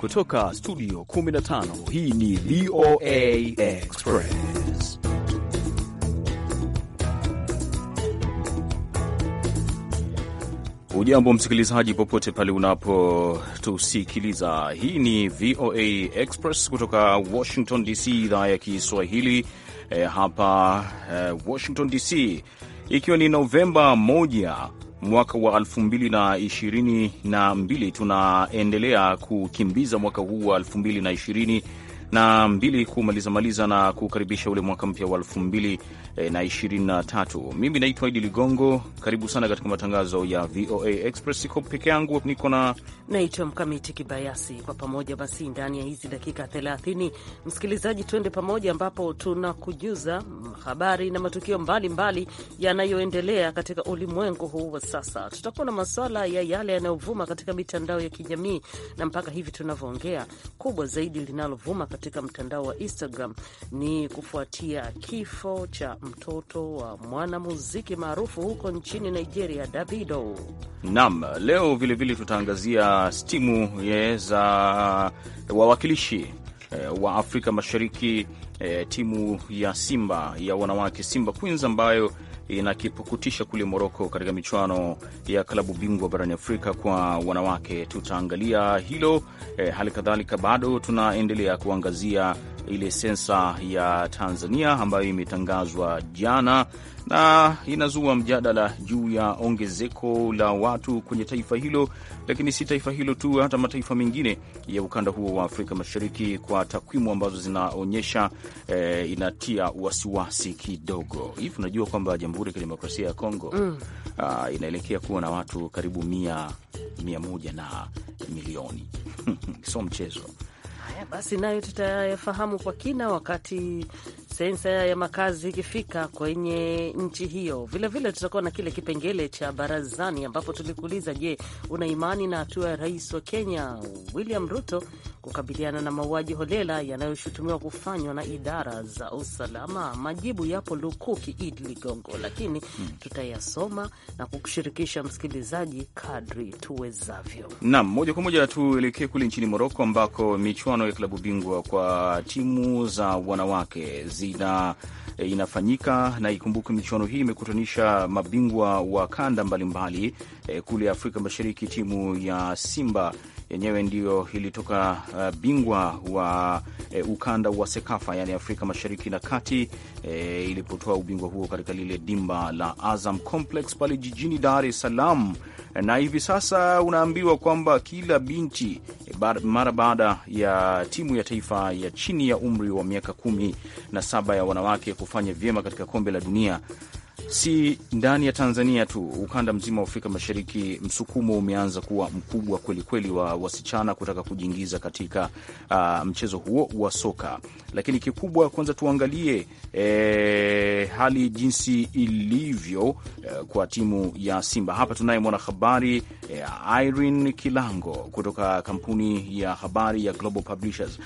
Kutoka studio 15 hii ni VOA Express. Ujambo msikilizaji, popote pale unapotusikiliza. Hii ni VOA Express kutoka Washington DC, idhaa ya Kiswahili eh, hapa eh, Washington DC, ikiwa ni Novemba moja mwaka wa 222 Tunaendelea kukimbiza mwaka huu wa 222 na mbili kumaliza maliza na kukaribisha ule mwaka mpya wa elfu mbili Eh, na 23. Mimi naitwa Idi Ligongo, karibu sana katika matangazo ya VOA Express. Siko peke yangu, niko na naitwa Mkamiti Kibayasi. Kwa pamoja basi, ndani ya hizi dakika 30, msikilizaji, tuende pamoja, ambapo tunakujuza habari na matukio mbalimbali yanayoendelea katika ulimwengu huu wa sasa. Tutakuwa na maswala ya yale yanayovuma katika mitandao ya kijamii, na mpaka hivi tunavyoongea, kubwa zaidi linalovuma katika mtandao wa Instagram ni kufuatia kifo cha mtoto wa mwanamuziki maarufu huko nchini Nigeria, Davido. Naam, leo vilevile tutaangazia stimu za wawakilishi eh, wa Afrika Mashariki, eh, timu ya Simba ya wanawake Simba Queens ambayo inakipukutisha kule Moroko katika michuano ya klabu bingwa barani Afrika kwa wanawake. Tutaangalia hilo e, hali kadhalika bado tunaendelea kuangazia ile sensa ya Tanzania ambayo imetangazwa jana na inazua mjadala juu ya ongezeko la watu kwenye taifa hilo, lakini si taifa hilo tu, hata mataifa mengine ya ukanda huo wa Afrika Mashariki, kwa takwimu ambazo zinaonyesha eh, inatia wasiwasi kidogo hivi. Unajua kwamba Jamhuri ya Kidemokrasia ya Kongo mm. uh, inaelekea kuwa na watu karibu mia, mia moja na milioni so mchezo. Haya basi, nayo tutayafahamu kwa kina wakati sensa ya makazi ikifika kwenye nchi hiyo. Vilevile tutakuwa na kile kipengele cha barazani, ambapo tulikuuliza, je, una imani na hatua ya rais wa Kenya William Ruto kukabiliana na mauaji holela yanayoshutumiwa kufanywa na idara za usalama. Majibu yapo lukuki, id Ligongo, lakini hmm, tutayasoma na kukushirikisha msikilizaji kadri tuwezavyo. Naam, moja kwa moja tuelekee kule nchini Moroko ambako michuano ya klabu bingwa kwa timu za wanawake zina eh, inafanyika na ikumbuke, michuano hii imekutanisha mabingwa wa kanda mbalimbali mbali. Eh, e, kule Afrika Mashariki timu ya Simba yenyewe ndiyo ilitoka uh, bingwa wa uh, ukanda wa SEKAFA yani Afrika Mashariki na Kati uh, ilipotoa ubingwa huo katika lile dimba la Azam Complex pale jijini Dar es Salaam, na hivi sasa unaambiwa kwamba kila binti eh, mara baada ya timu ya taifa ya chini ya umri wa miaka kumi na saba ya wanawake kufanya vyema katika kombe la dunia si ndani ya Tanzania tu, ukanda mzima wa Afrika Mashariki, msukumo umeanza kuwa mkubwa kwelikweli wa wasichana kutaka kujiingiza katika uh, mchezo huo wa soka. Lakini kikubwa kwanza tuangalie e, hali jinsi ilivyo e, kwa timu ya Simba. Hapa tunaye mwanahabari e, Irene Kilango kutoka kampuni ya habari ya Global Publishers.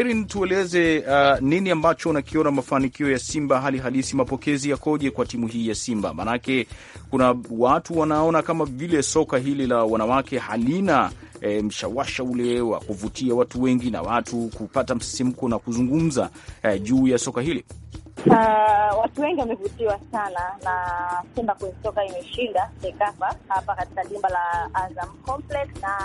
Irene, tueleze uh, nini ambacho unakiona mafanikio ya Simba, hali halisi, mapokezi yakoje kwa timu hii? ya Simba, maanake kuna watu wanaona kama vile soka hili la wanawake halina e, mshawasha ule wa kuvutia watu wengi na watu kupata msisimko na kuzungumza e, juu ya soka hili. Uh, watu wengi wamevutiwa sana na Simba soka imeshinda Sekafa hapa katika dimba la Azam Complex, na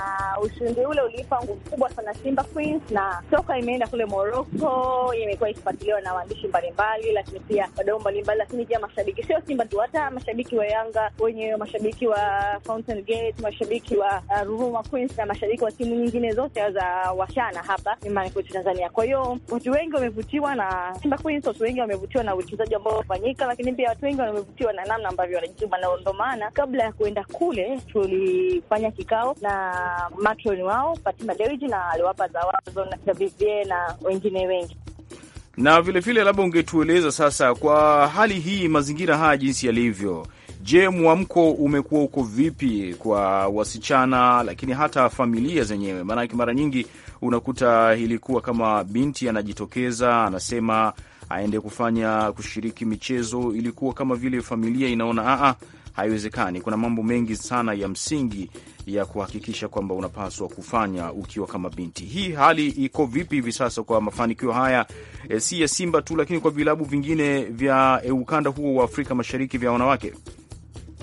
ushindi ule uliipa nguvu kubwa sana Simba Queens, na soka imeenda kule Morocco, imekuwa ikifuatiliwa na waandishi mbalimbali, lakini pia wadau mbalimbali, lakini pia mashabiki, sio Simba tu, hata mashabiki wa Yanga wenyewe, mashabiki wa Fountain Gate, mashabiki wa uh, Ruvuma Queens na mashabiki wa timu nyingine zote za washana hapa nyumbani kwetu Tanzania. Kwa hiyo watu wengi wamevutiwa na Simba Queens, watu wengi wamevutiwa wamevutiwa na uwekezaji ambao umefanyika, lakini pia watu wengi wamevutiwa na namna ambavyo wanajituma, na ndo maana kabla ya kuenda kule tulifanya kikao na matroni wao Fatima Dewji, na aliwapa zawazo na Davivie na wengine wengi na vilevile, labda ungetueleza sasa, kwa hali hii, mazingira haya jinsi yalivyo, je, mwamko umekuwa uko vipi kwa wasichana, lakini hata familia zenyewe? Maanake mara nyingi unakuta ilikuwa kama binti anajitokeza anasema aende kufanya kushiriki michezo, ilikuwa kama vile familia inaona aa, ah, ah, haiwezekani. Kuna mambo mengi sana ya msingi ya kuhakikisha kwamba unapaswa kufanya ukiwa kama binti. Hii hali iko vipi hivi sasa kwa mafanikio haya e, si ya Simba tu, lakini kwa vilabu vingine vya e, ukanda huo wa Afrika Mashariki vya wanawake?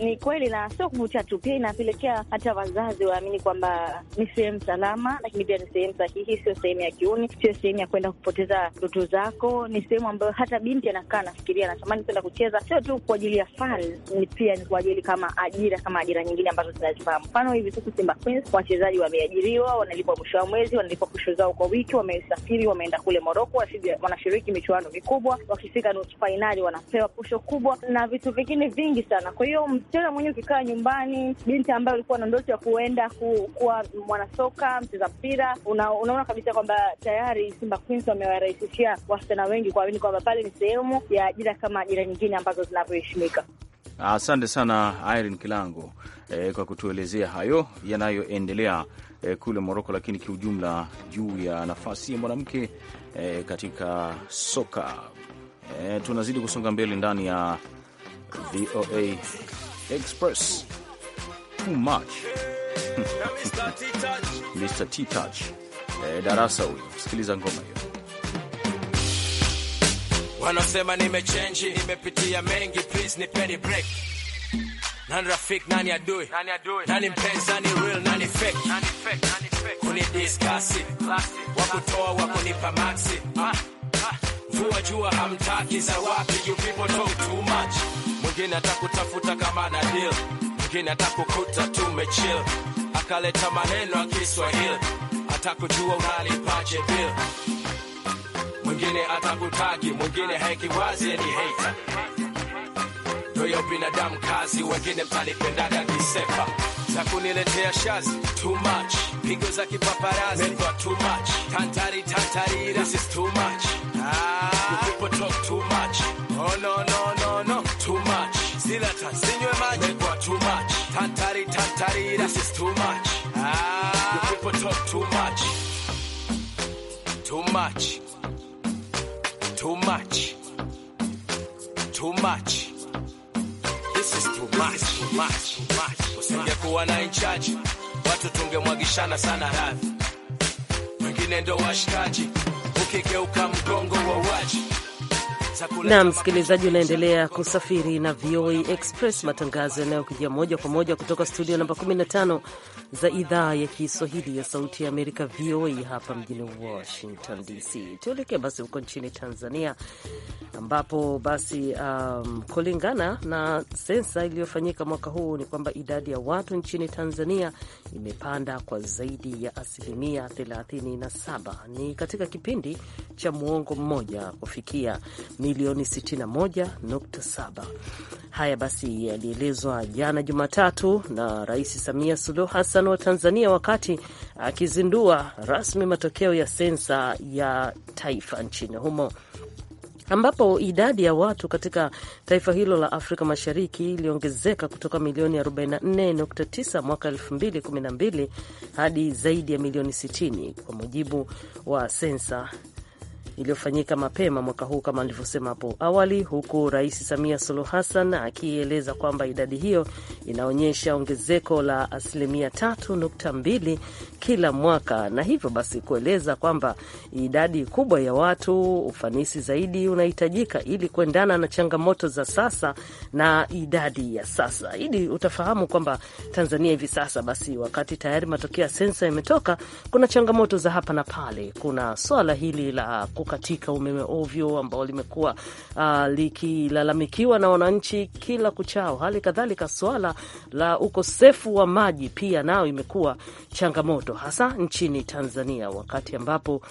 Ni kweli na sio kuvutia tu, pia inapelekea hata wazazi waamini kwamba ni sehemu salama, lakini pia ni sehemu sahihi, sio sehemu ya kiuni, sio sehemu ya kwenda kupoteza ndoto zako. Ni sehemu ambayo hata binti anakaa anafikiria, anatamani kwenda kucheza, sio tu kwa ajili ya fa ni pia ni kwa ajili kama ajira, kama ajira nyingine ambazo tunazifahamu. Mfano hivi sasa Simba Queens wachezaji wameajiriwa, wanalipwa mwisho wa mwezi, wanalipwa posho zao kwa wiki, wamesafiri, wameenda kule Moroko, wanashiriki michuano mikubwa, wakifika nusu fainali wanapewa posho kubwa na vitu vingine vingi sana. Kwa hiyo msichana mwenyewe ukikaa nyumbani, binti ambaye ulikuwa na ndoto ya kuenda ku, kuwa mwanasoka, mcheza mpira, una, unaona kabisa kwamba tayari Simba Queens wamewarahisishia wasichana wengi kuamini kwamba pale ni sehemu ya ajira kama ajira nyingine ambazo zinavyoheshimika. Asante sana Irene Kilango eh, kwa kutuelezea hayo yanayoendelea eh, kule Moroko, lakini kiujumla juu ya nafasi ya mwanamke eh, katika soka eh, tunazidi kusonga mbele ndani ya VOA Express too much Mr. T-Touch eh, darasa huyo, sikiliza ngoma hiyo. Wanasema nimechange, nimepitia mengi, please nipeni break. Nani rafiki, nani adui, nani adui, nani mpenzi, nani real, nani fake, nani fake, nani fake. Kuni discuss, wakutoa wakunipa maxi, mvua ah, ah. jua hamtaki za wapi, you people talk too much mwingine atakutafuta kama na deal, mwingine atakukuta tumechill, akaleta maneno ya Kiswahili, atakujua unalipaje bill, mwingine atakutaki, mwingine heki wazi ni hater, ndio binadamu kazi, wengine mtalipendaga kisepa za kuniletea shazi too much, pigo za kipaparazi too much, tantari tantari this is too much, ah, people talk too much, oh no no Dilatan, sinywe maji kwa too much. Tantari, tantari, that is too much. Ah, you people talk too much. Too much. Too much. Too much. This is too much. Too much. Too much. Usingekuwa na in charge, watu tungemwagishana sana radhi. Wengine ndo washikaji, ukigeuka mgongo wa waji na msikilizaji, unaendelea kusafiri na VOA Express, matangazo yanayokujia moja kwa moja kutoka studio namba 15 za idhaa ya Kiswahili ya Sauti ya Amerika, VOA hapa mjini Washington DC. Tuelekee basi huko nchini Tanzania, ambapo basi um, kulingana na sensa iliyofanyika mwaka huu ni kwamba idadi ya watu nchini Tanzania imepanda kwa zaidi ya asilimia 37 ni katika kipindi cha muongo mmoja kufikia milioni 61.7. Haya basi yalielezwa jana Jumatatu na Rais Samia Suluhu Hassan wa Tanzania wakati akizindua rasmi matokeo ya sensa ya taifa nchini humo ambapo idadi ya watu katika taifa hilo la Afrika Mashariki iliongezeka kutoka milioni 44.9 mwaka 2012 hadi zaidi ya milioni 60 kwa mujibu wa sensa iliyofanyika mapema mwaka huu kama alivyosema hapo awali, huku Rais Samia Suluhu Hassan akieleza kwamba idadi hiyo inaonyesha ongezeko la asilimia 3.2 kila mwaka, na hivyo basi kueleza kwamba idadi kubwa ya watu, ufanisi zaidi unahitajika ili kuendana na changamoto za sasa na idadi ya sasa. Ili utafahamu kwamba Tanzania hivi sasa basi, wakati tayari matokeo ya sensa yametoka, kuna changamoto za hapa na pale, kuna swala hili la ku kukatika umeme ovyo ambao limekuwa uh, likilalamikiwa na wananchi kila kuchao. Hali kadhalika swala la ukosefu wa maji pia nao imekuwa changamoto hasa nchini Tanzania, wakati ambapo uh,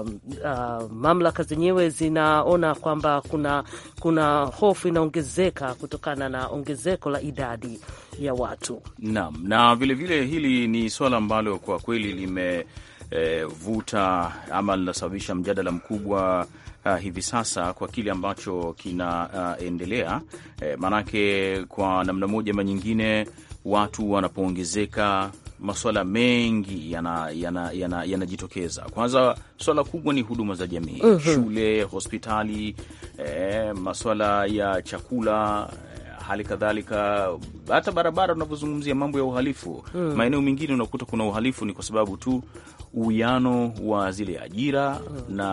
uh, mamlaka zenyewe zinaona kwamba kuna, kuna hofu inaongezeka kutokana na ongezeko la idadi ya watu. Naam, na vilevile vile hili ni swala ambalo kwa kweli lime e, vuta ama linasababisha mjadala mkubwa Uh, hivi sasa kwa kile ambacho kinaendelea uh, eh, maanake kwa namna moja ama nyingine watu wanapoongezeka masuala mengi yanajitokeza yana, yana, yana kwanza, swala kubwa ni huduma za jamii uh mhm. -huh. Shule, hospitali, eh, masuala ya chakula eh, hali kadhalika hata barabara, unavyozungumzia mambo ya uhalifu mm. Maeneo mengine unakuta kuna uhalifu ni kwa sababu tu uwiano wa zile ajira mm. na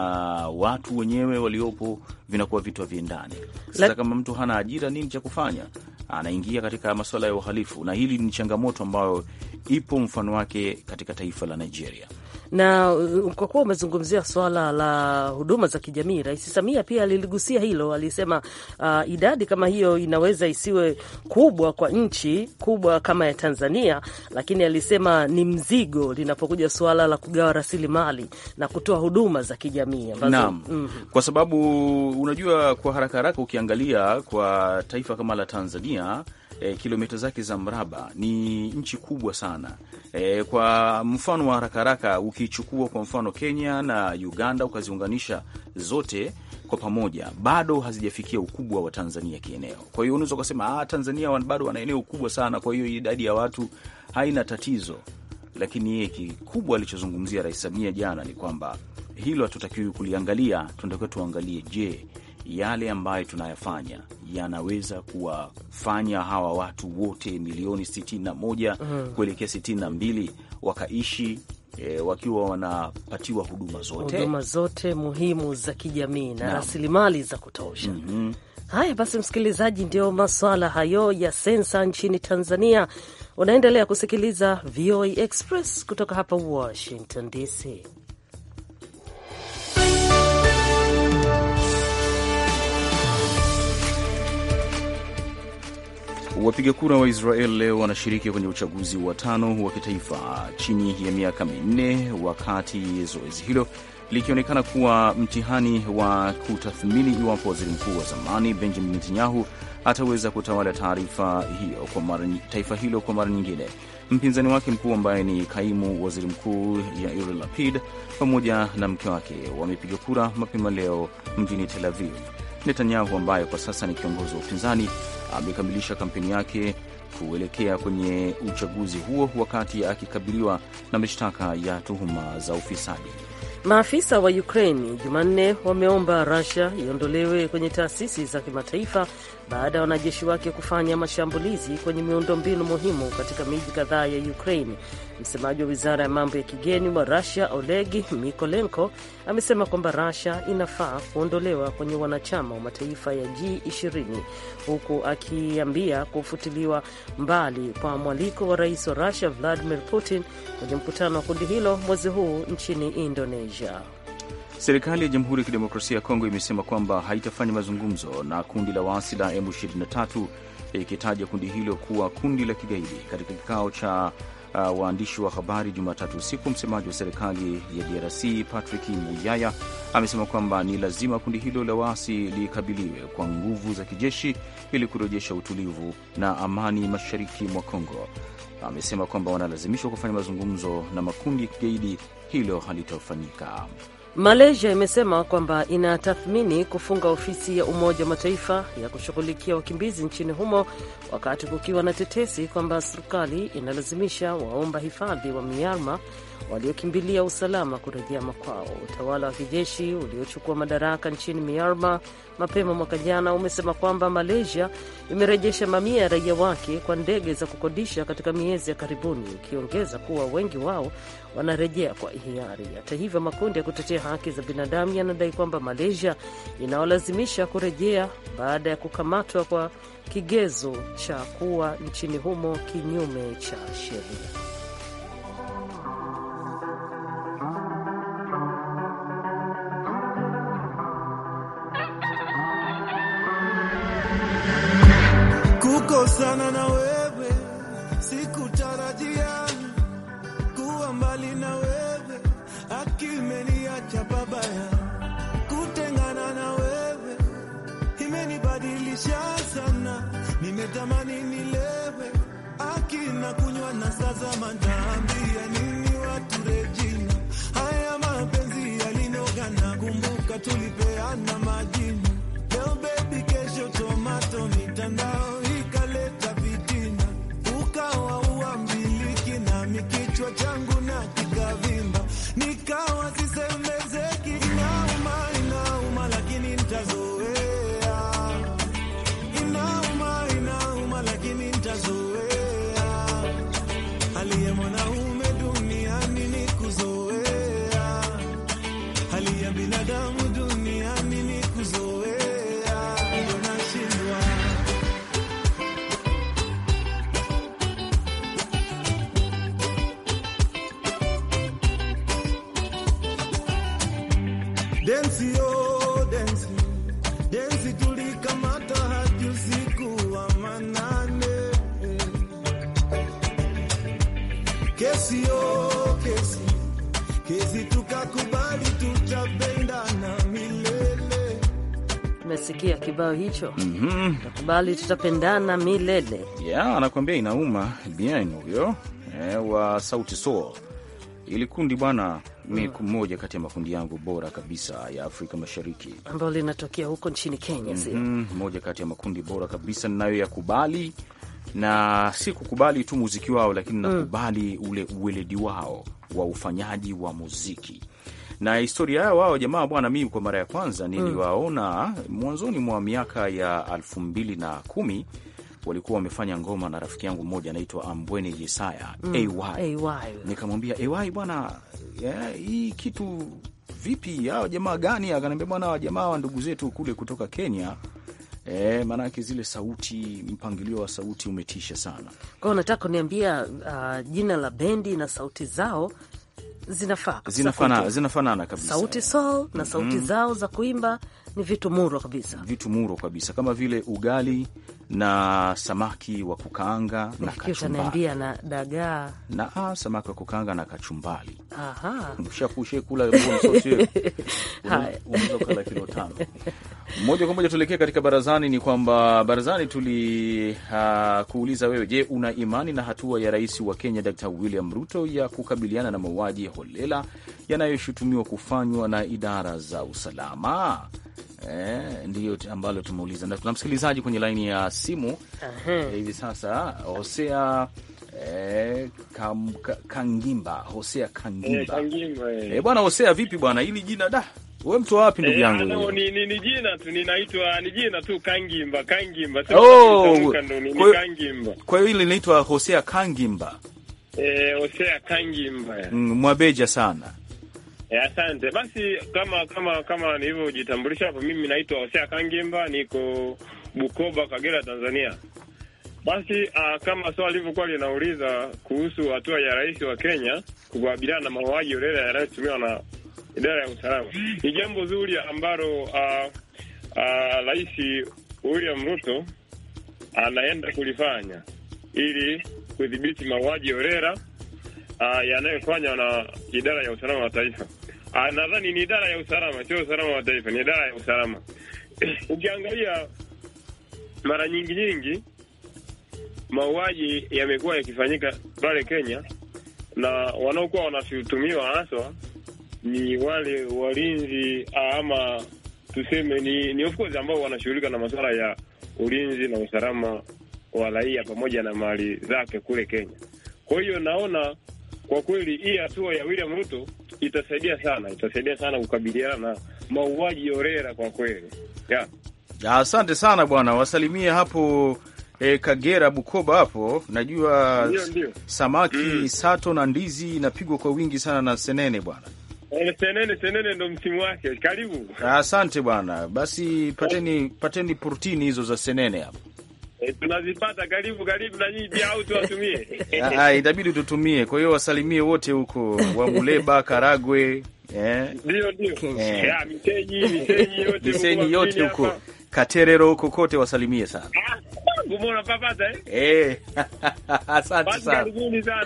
watu wenyewe waliopo vinakuwa vitu haviendani. Sasa Let... kama mtu hana ajira, nini cha kufanya? Anaingia katika masuala ya uhalifu, na hili ni changamoto ambayo ipo mfano wake katika taifa la Nigeria. Na uh, kwa kuwa umezungumzia swala la huduma za kijamii, Rais Samia pia aliligusia hilo. Alisema uh, idadi kama hiyo inaweza isiwe kubwa kwa nchi kubwa kama ya Tanzania, lakini alisema ni mzigo linapokuja suala la kugawa rasilimali na kutoa huduma za kijamii ambazo, mm -hmm. Kwa sababu unajua, kwa haraka haraka ukiangalia kwa taifa kama la Tanzania e, eh, kilomita zake za mraba ni nchi kubwa sana e, kwa mfano wa haraka haraka, ukichukua kwa mfano Kenya na Uganda ukaziunganisha zote kwa pamoja, bado hazijafikia ukubwa wa Tanzania kieneo. Kwa hiyo unaweza ukasema ah, Tanzania bado wana eneo kubwa sana, kwa hiyo idadi ya watu haina tatizo, lakini yeye kikubwa alichozungumzia Rais Samia jana ni kwamba hilo hatutakiwi kuliangalia, tunatakiwa tuangalie, je yale ambayo tunayafanya yanaweza kuwafanya hawa watu wote milioni 61 mm. Mhm. kuelekea 62 wakaishi E, wakiwa wanapatiwa huduma zote huduma zote muhimu za kijamii na rasilimali za kutosha. mm -hmm. Haya basi, msikilizaji, ndio maswala hayo ya sensa nchini Tanzania. Unaendelea kusikiliza VOA Express kutoka hapa Washington DC. Wapiga kura wa Israel leo wanashiriki kwenye uchaguzi wa tano wa kitaifa chini ya miaka minne, wakati zoezi hilo likionekana kuwa mtihani wa kutathmini iwapo waziri mkuu wa zamani Benjamin Netanyahu ataweza kutawala taifa hilo kwa mara, taifa hilo kwa mara nyingine. Mpinzani wake mkuu ambaye ni kaimu waziri mkuu Yair Lapid pamoja na mke wake wamepiga kura mapema leo mjini Tel Aviv. Netanyahu ambaye kwa sasa ni kiongozi wa upinzani amekamilisha kampeni yake kuelekea kwenye uchaguzi huo wakati akikabiliwa na mashtaka ya tuhuma za ufisadi. Maafisa wa Ukraini Jumanne wameomba rasia iondolewe kwenye taasisi za kimataifa baada ya wanajeshi wake kufanya mashambulizi kwenye miundombinu muhimu katika miji kadhaa ya Ukraine. Msemaji wa wizara ya mambo ya kigeni wa Rusia, Olegi Mikolenko, amesema kwamba Rusia inafaa kuondolewa kwenye wanachama wa mataifa ya G20, huku akiambia kufutiliwa mbali kwa mwaliko wa rais wa Rusia Vladimir Putin kwenye mkutano wa kundi hilo mwezi huu nchini Indonesia. Serikali ya Jamhuri ya Kidemokrasia ya Kongo imesema kwamba haitafanya mazungumzo na kundi la waasi la M23 ikitaja kundi hilo kuwa kundi la kigaidi. Katika kikao cha uh, waandishi wa habari Jumatatu usiku, msemaji wa serikali ya DRC Patrick Muyaya amesema kwamba ni lazima kundi hilo la waasi likabiliwe kwa nguvu za kijeshi ili kurejesha utulivu na amani mashariki mwa Kongo. Amesema kwamba wanalazimishwa kufanya mazungumzo na makundi ya kigaidi, hilo halitafanyika. Malaysia imesema kwamba inatathmini kufunga ofisi ya Umoja wa Mataifa ya kushughulikia wakimbizi nchini humo wakati kukiwa na tetesi kwamba serikali inalazimisha waomba hifadhi wa Myanmar waliokimbilia usalama kurejea makwao. Utawala wa kijeshi uliochukua madaraka nchini Myanmar mapema mwaka jana umesema kwamba Malaysia imerejesha mamia ya raia wake kwa ndege za kukodisha katika miezi ya karibuni, ikiongeza kuwa wengi wao wanarejea kwa hiari. Hata hivyo, makundi ya kutetea haki za binadamu yanadai kwamba Malaysia inawalazimisha kurejea baada ya kukamatwa kwa kigezo cha kuwa nchini humo kinyume cha sheria. kibao hicho mm -hmm. Takubali tutapendana milele yeah, anakuambia inauma bien huyo eh, wa Sauti Sol ili kundi bwana ni mm. mmoja kati ya makundi yangu bora kabisa ya Afrika Mashariki ambayo linatokea huko nchini Kenya. mm -hmm. mmoja kati ya makundi bora kabisa yakubali na si kukubali tu muziki wao, lakini mm. nakubali ule uweledi wao wa ufanyaji wa muziki na historia yao wao jamaa bwana, mimi kwa mara ya kwanza mm. niliwaona mm. mwanzoni mwa miaka ya elfu mbili na kumi walikuwa wamefanya ngoma na rafiki yangu mmoja anaitwa Ambwene Yesaya mm. AY. AY. Nikamwambia AY bwana, yeah, hii kitu vipi, hawa jamaa gani? Akaniambia bwana, hawa jamaa wa ndugu zetu kule kutoka Kenya. E, maanake zile sauti, mpangilio wa sauti umetisha sana. Kwa hiyo kuniambia uh, jina la bendi na sauti zao zinafaa zinafanana, zinafanana kabisa. Sauti sol na sauti mm -hmm. zao za kuimba ni vitu muro kabisa, vitu muro kabisa, kama vile ugali na samaki wa kukaanga na kachumbari na dagaa na ah, samaki wa kukaanga na kachumbari. shakushe kula unaweza kilo tano moja kwa moja. Tuelekee katika barazani. Ni kwamba barazani tuli uh, kuuliza wewe, je, una imani na hatua ya rais wa Kenya Dr. William Ruto ya kukabiliana na mauaji ya holela yanayoshutumiwa kufanywa na idara za usalama? Eh, ndiyo ambalo tumeuliza na tuna msikilizaji kwenye laini ya simu eh, hivi eh, sasa Hosea eh, kam, ka, Kangimba Hosea eh, Kangimba eh, eh, bwana Hosea, vipi bwana, hili jina da we mtu wapi ndugu eh, yangu? Ni ni ni jina tu ninaitwa ni jina tu Kangimba Kangimba. tu. Oh, Kangimba. kwa hiyo hili linaitwa Hosea Kangimba. Eh, Hosea Kangimba. Mm, Mwabeja sana. Eh, asante. Basi kama kama kama nilivyojitambulisha hapo, mimi naitwa Hosea Kangemba, niko Bukoba, Kagera, Tanzania. Basi uh, kama swali lilivyokuwa linauliza kuhusu hatua ya rais wa Kenya kukabiliana na mauaji holela yanayotumiwa na idara ya usalama, ni jambo zuri ambalo uh, uh, Rais William Ruto anaenda uh, kulifanya ili kudhibiti mauaji holela uh, yanayofanywa na idara ya usalama wa taifa. Ah, nadhani ni idara ya usalama, sio usalama wa taifa, ni idara ya usalama. Ukiangalia mara nyingi nyingi mauaji yamekuwa yakifanyika pale Kenya, na wanaokuwa wanashutumiwa haswa ni wale walinzi ah, ama tuseme ni, ni of course ambao wanashughulika na masuala ya ulinzi na usalama wa raia pamoja na mali zake kule Kenya. Kwa hiyo naona kwa kweli hii hatua ya William Ruto itasaidia sana, itasaidia sana kukabiliana na mauaji orera kwa kweli yeah. Asante sana bwana, wasalimie hapo e, Kagera, Bukoba hapo najua ndiyo, ndiyo. Samaki mm. sato na ndizi inapigwa kwa wingi sana na senene bwana e, senene senene ndo msimu wake. Karibu, asante bwana. Basi pateni pateni protini hizo za senene hapo. Eh, tunazipata karibu karibu na nyinyi pia au tuwatumie? Ah, ah, itabidi tutumie. Kwa hiyo wasalimie wote huko wa Muleba, Karagwe, eh. Ndio ndio. Eh, Misenyi, Misenyi yote huko. Katerero kokote wasalimie sana. Ah, eh, eh asante sana.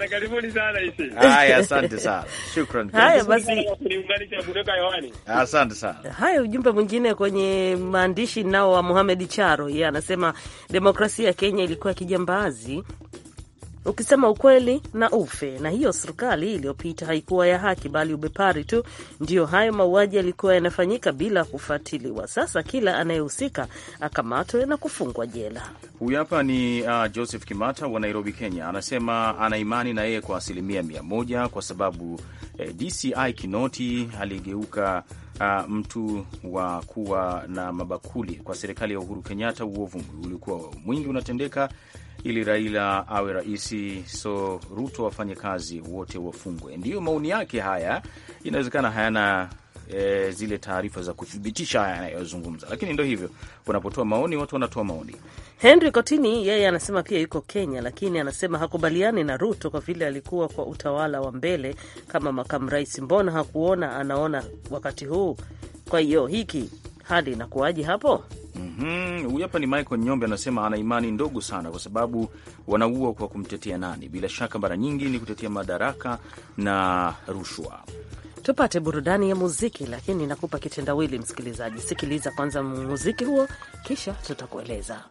karibuni sana hisi. Haya, asante sana. Shukrani. Haya basi. Asante sana. Haya, ujumbe mwingine kwenye maandishi nao wa Mohamed Charo, yeye anasema demokrasia ya Kenya ilikuwa kijambazi ukisema ukweli na ufe. Na hiyo serikali iliyopita haikuwa ya haki, bali ubepari tu. Ndiyo hayo mauaji yalikuwa yanafanyika bila kufuatiliwa. Sasa kila anayehusika akamatwe na kufungwa jela. Huyu hapa ni uh, Joseph Kimata wa Nairobi, Kenya, anasema ana imani na yeye kwa asilimia mia moja kwa sababu eh, DCI Kinoti aligeuka Uh, mtu wa kuwa na mabakuli kwa serikali ya Uhuru Kenyatta. Uovu ulikuwa mwingi unatendeka ili Raila awe raisi, so Ruto wafanye kazi, wote wafungwe. Ndiyo maoni yake haya. Inawezekana hayana e, zile taarifa za kuthibitisha haya yanayozungumza, lakini ndo hivyo, unapotoa maoni watu wanatoa maoni. Henry Kotini yeye anasema pia yuko Kenya, lakini anasema hakubaliani na Ruto kwa vile alikuwa kwa utawala wa mbele kama makamu rais. Mbona hakuona, anaona wakati huu. Kwa hiyo hiki hali inakuwaje hapo? Mm -hmm. Huyu hapa ni Michael Nyombe anasema ana imani ndogo sana, kwa sababu wanaua kwa kumtetea nani? Bila shaka mara nyingi ni kutetea madaraka na rushwa. Tupate burudani ya muziki, lakini nakupa kitendawili msikilizaji. Sikiliza kwanza muziki huo, kisha tutakueleza.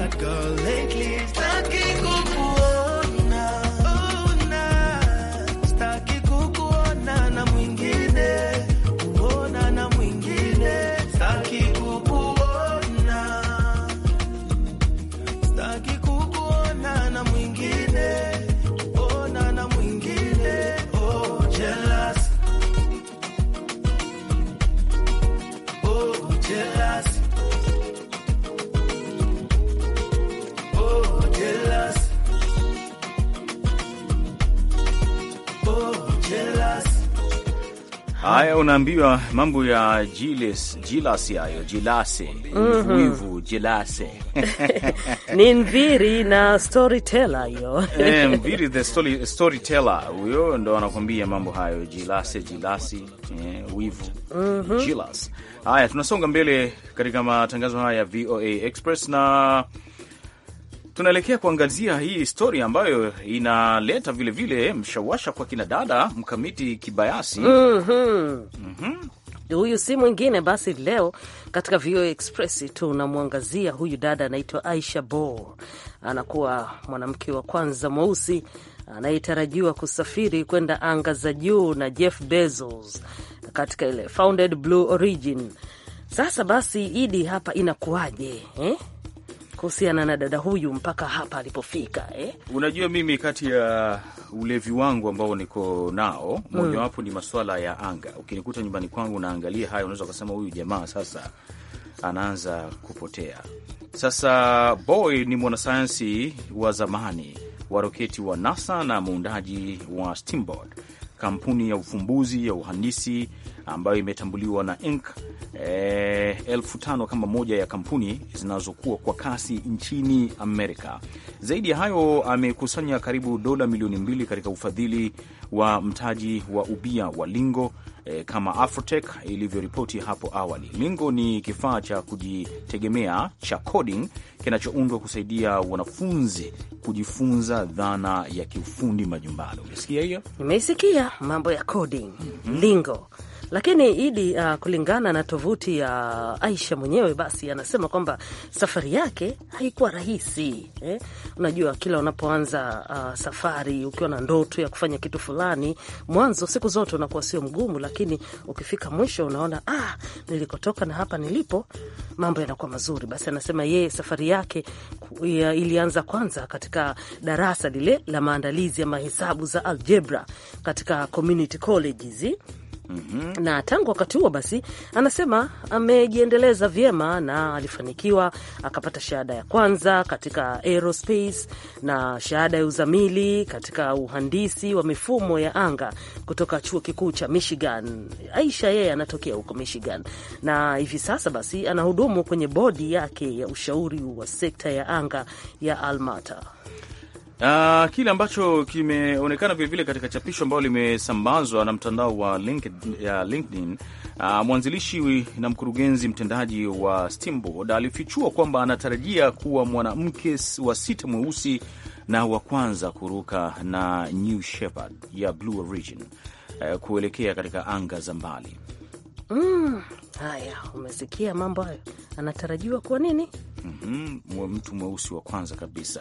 That girl Haya, unaambiwa mambo ya jilasi hayo jilase mhm. wivu mm jilase ni mviri na storyteller hiyo e, mviri the story, storyteller huyo ndo anakuambia mambo hayo jilase jilasi eh, wivu mm jilas. Haya, tunasonga mbele katika matangazo haya ya VOA Express na tunaelekea kuangazia hii histori ambayo inaleta vilevile mshawasha kwa kinadada mkamiti kibayasi. mm -hmm. Mm -hmm. Huyu si mwingine basi. Leo katika VOA Express tunamwangazia huyu dada anaitwa Aisha Bo, anakuwa mwanamke wa kwanza mweusi anayetarajiwa kusafiri kwenda anga za juu na Jeff Bezos katika ile Founded Blue Origin. Sasa basi, Idi, hapa inakuwaje eh? kuhusiana na dada huyu mpaka hapa alipofika eh? Unajua, mimi kati ya ulevi wangu ambao niko nao hmm. mojawapo mm. ni maswala ya anga. Ukinikuta nyumbani kwangu naangalia haya, unaweza ukasema huyu jamaa sasa anaanza kupotea. Sasa Boy ni mwanasayansi wa zamani wa roketi wa NASA na muundaji wa Steamboat kampuni ya ufumbuzi ya uhandisi ambayo imetambuliwa na Inc e, elfu tano kama moja ya kampuni zinazokuwa kwa kasi nchini Amerika. Zaidi ya hayo, amekusanya karibu dola milioni mbili katika ufadhili wa mtaji wa ubia wa lingo e, kama Afrotech ilivyoripoti hapo awali. Lingo ni kifaa cha kujitegemea cha coding kinachoundwa kusaidia wanafunzi kujifunza dhana ya kiufundi majumbani. Umesikia hiyo? Umesikia mambo ya coding. Mm -hmm. Lingo lakini Idi, uh, kulingana na tovuti ya uh, Aisha mwenyewe, basi anasema kwamba safari yake haikuwa rahisi eh. Unajua, kila unapoanza uh, safari ukiwa na ndoto ya kufanya kitu fulani, mwanzo siku zote unakuwa sio mgumu, lakini ukifika mwisho unaona ah, nilikotoka na hapa nilipo mambo yanakuwa mazuri. Basi anasema yeye safari yake ya ilianza kwanza katika darasa lile la maandalizi ya mahesabu za algebra katika community colleges eh? -hmm. na tangu wakati huo basi, anasema amejiendeleza vyema na alifanikiwa akapata shahada ya kwanza katika aerospace na shahada ya uzamili katika uhandisi wa mifumo ya anga kutoka chuo kikuu cha Michigan. Aisha yeye anatokea huko Michigan, na hivi sasa basi anahudumu kwenye bodi yake ya ushauri wa sekta ya anga ya Almata. Uh, kile ambacho kimeonekana vilevile katika chapisho ambalo limesambazwa na mtandao wa LinkedIn uh, mwanzilishi na mkurugenzi mtendaji wa Steamboard alifichua kwamba anatarajia kuwa mwanamke wa sita mweusi na wa kwanza kuruka na New Shepard ya Blue Origin uh, kuelekea katika anga za mbali. Mm. Haya, umesikia mambo hayo, anatarajiwa kuwa nini? mm -hmm. Mtu mweusi wa kwanza kabisa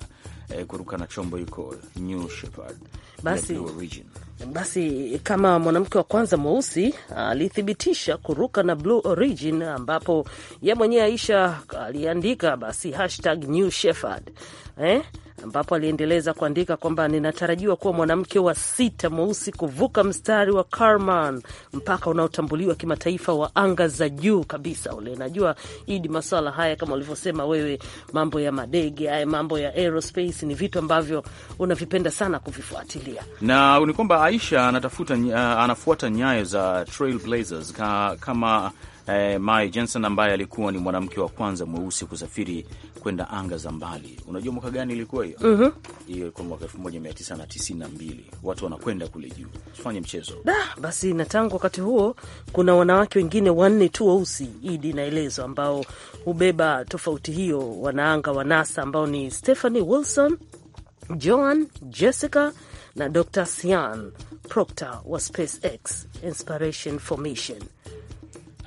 e, kuruka na chombo hiko New Shepard. Basi, basi kama mwanamke wa kwanza mweusi alithibitisha kuruka na Blue Origin, ambapo ye mwenyewe Aisha aliandika basi hashtag New Shepard eh? ambapo aliendeleza kuandika kwamba ninatarajiwa kuwa mwanamke wa sita mweusi kuvuka mstari wa Karman, mpaka unaotambuliwa kimataifa wa anga za juu kabisa ule. Najua Idi, maswala haya kama ulivyosema wewe, mambo ya madege haya, mambo ya aerospace ni vitu ambavyo unavipenda sana kuvifuatilia, na ni kwamba Aisha anatafuta, uh, anafuata nyayo za trailblazers ka, kama eh, Mae Jensen ambaye alikuwa ni mwanamke wa kwanza mweusi kusafiri kwenda anga za mbali. Unajua mwaka gani ilikuwa hiyo? Mhm. Hiyo ilikuwa mwaka elfu moja mia tisa na na tisini mbili. Watu wanakwenda kule juu, tufanye mchezo da. Basi na tangu wakati huo kuna wanawake wengine wanne tu weusi idi naelezwa, ambao hubeba tofauti hiyo, wanaanga wa NASA ambao ni Stephanie Wilson, Joan Jessica na Dr. Sian Proctor wa SpaceX Inspiration Formation.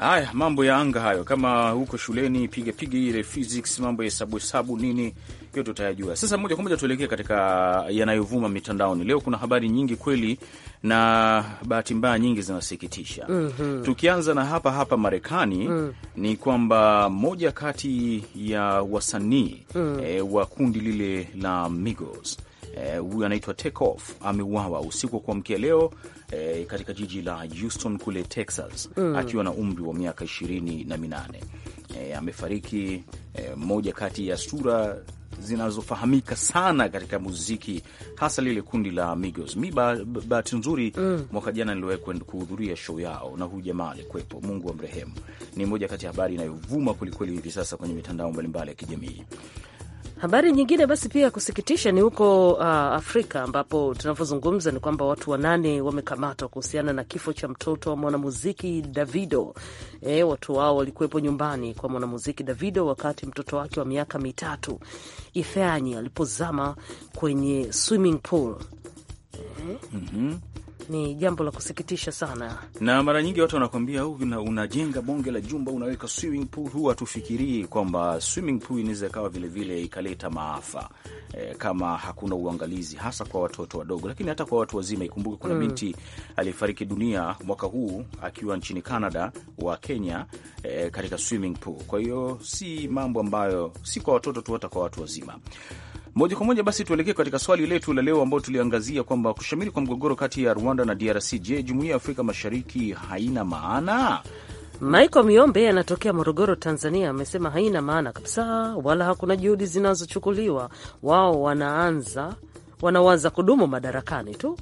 Haya mambo ya anga hayo, kama huko shuleni piga piga ile physics, mambo ya hesabu hesabu nini, hiyo tutayajua. Sasa moja kwa moja tuelekee katika yanayovuma mitandaoni leo. Kuna habari nyingi kweli, na bahati mbaya nyingi zinasikitisha. mm -hmm. Tukianza na hapa hapa Marekani mm. ni kwamba moja kati ya wasanii mm. e, wa kundi lile la Migos Eh, huyu eh, anaitwa Takeoff ameuawa usiku wa kuamkia leo eh, katika jiji la Houston kule Texas mm. akiwa na umri wa miaka ishirini na minane eh, amefariki mmoja eh, kati ya sura zinazofahamika sana katika muziki hasa lile kundi la Migos. Mi bahati nzuri mm. mwaka jana niliwahi kuhudhuria show yao na huyu jamaa alikuwepo, Mungu wa mrehemu. Ni moja kati ya habari inayovuma kwelikweli hivi sasa kwenye mitandao mbalimbali ya kijamii. Habari nyingine basi pia ya kusikitisha ni huko uh, Afrika ambapo tunavyozungumza ni kwamba watu wanane wamekamatwa kuhusiana na kifo cha mtoto wa mwanamuziki Davido. E, watu wao walikuwepo nyumbani kwa mwanamuziki Davido wakati mtoto wake wa miaka mitatu Ifeanyi alipozama kwenye swimming pool. Mm -hmm ni jambo la kusikitisha sana, na mara nyingi watu wanakuambia unajenga una bonge la jumba unaweka swimming pool. Huwa hatufikirii kwamba swimming pool inaweza ikawa vilevile ikaleta maafa e, kama hakuna uangalizi, hasa kwa watoto wadogo, lakini hata kwa watu wazima. Ikumbuke kuna mm. binti dunia mwaka huu akiwa nchini Canada wa Kenya e, katika swimming pool. Kwa hiyo si mambo ambayo si kwa watoto tu, hata kwa watu wazima. Moja kwa moja basi tuelekee katika swali letu la leo, ambao tuliangazia kwamba kushamiri kwa mgogoro kati ya Rwanda na DRC, je, jumuiya ya Afrika Mashariki haina maana? Michael Miombe anatokea Morogoro, Tanzania, amesema haina maana kabisa, wala hakuna juhudi zinazochukuliwa. Wao wanaanza wanawaza kudumu madarakani tu.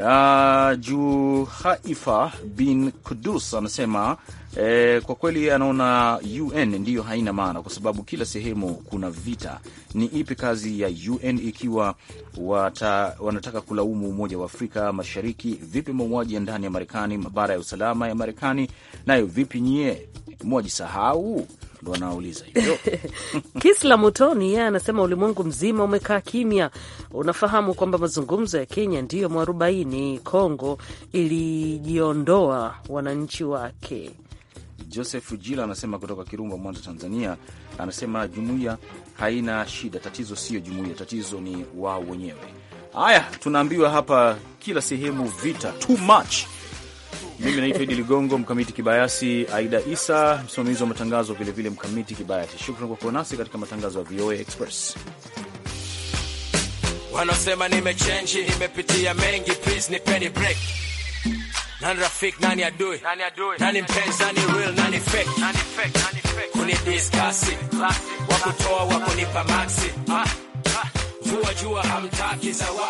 Uh, ah, juu Haifa bin Kudus anasema eh, kwa kweli anaona UN ndiyo haina maana kwa sababu kila sehemu kuna vita. Ni ipi kazi ya UN ikiwa wata, wanataka kulaumu Umoja wa Afrika Mashariki? Vipi mauaji ya ndani ya Marekani, mabara ya usalama ya Marekani nayo vipi nyie mwajisahau? ndo anauliza hivyo. Kisla Mutoni yeye anasema ulimwengu mzima umekaa kimya. Unafahamu kwamba mazungumzo ya Kenya ndiyo mwarobaini Kongo ilijiondoa wananchi wake. Joseph Jila anasema kutoka Kirumba, Mwanza, Tanzania, anasema jumuiya haina shida, tatizo siyo jumuiya, tatizo ni wao wenyewe. Haya, tunaambiwa hapa kila sehemu vita too much mimi naitwa Idi Ligongo, Mkamiti Kibayasi, Aida Isa msimamizi wa matangazo, vilevile Mkamiti Kibayasi. Shukran kwa kuwa nasi katika matangazo ya VOA Express. Wanasema nimechenji, nimepitia mengi, please nipeni break. Nani rafiki, nani adui, nani mpenzani, real nani fake, kunidiskasi, wakutoa wakunipa maksi, vua ah, ah. jua hamtaki za wapi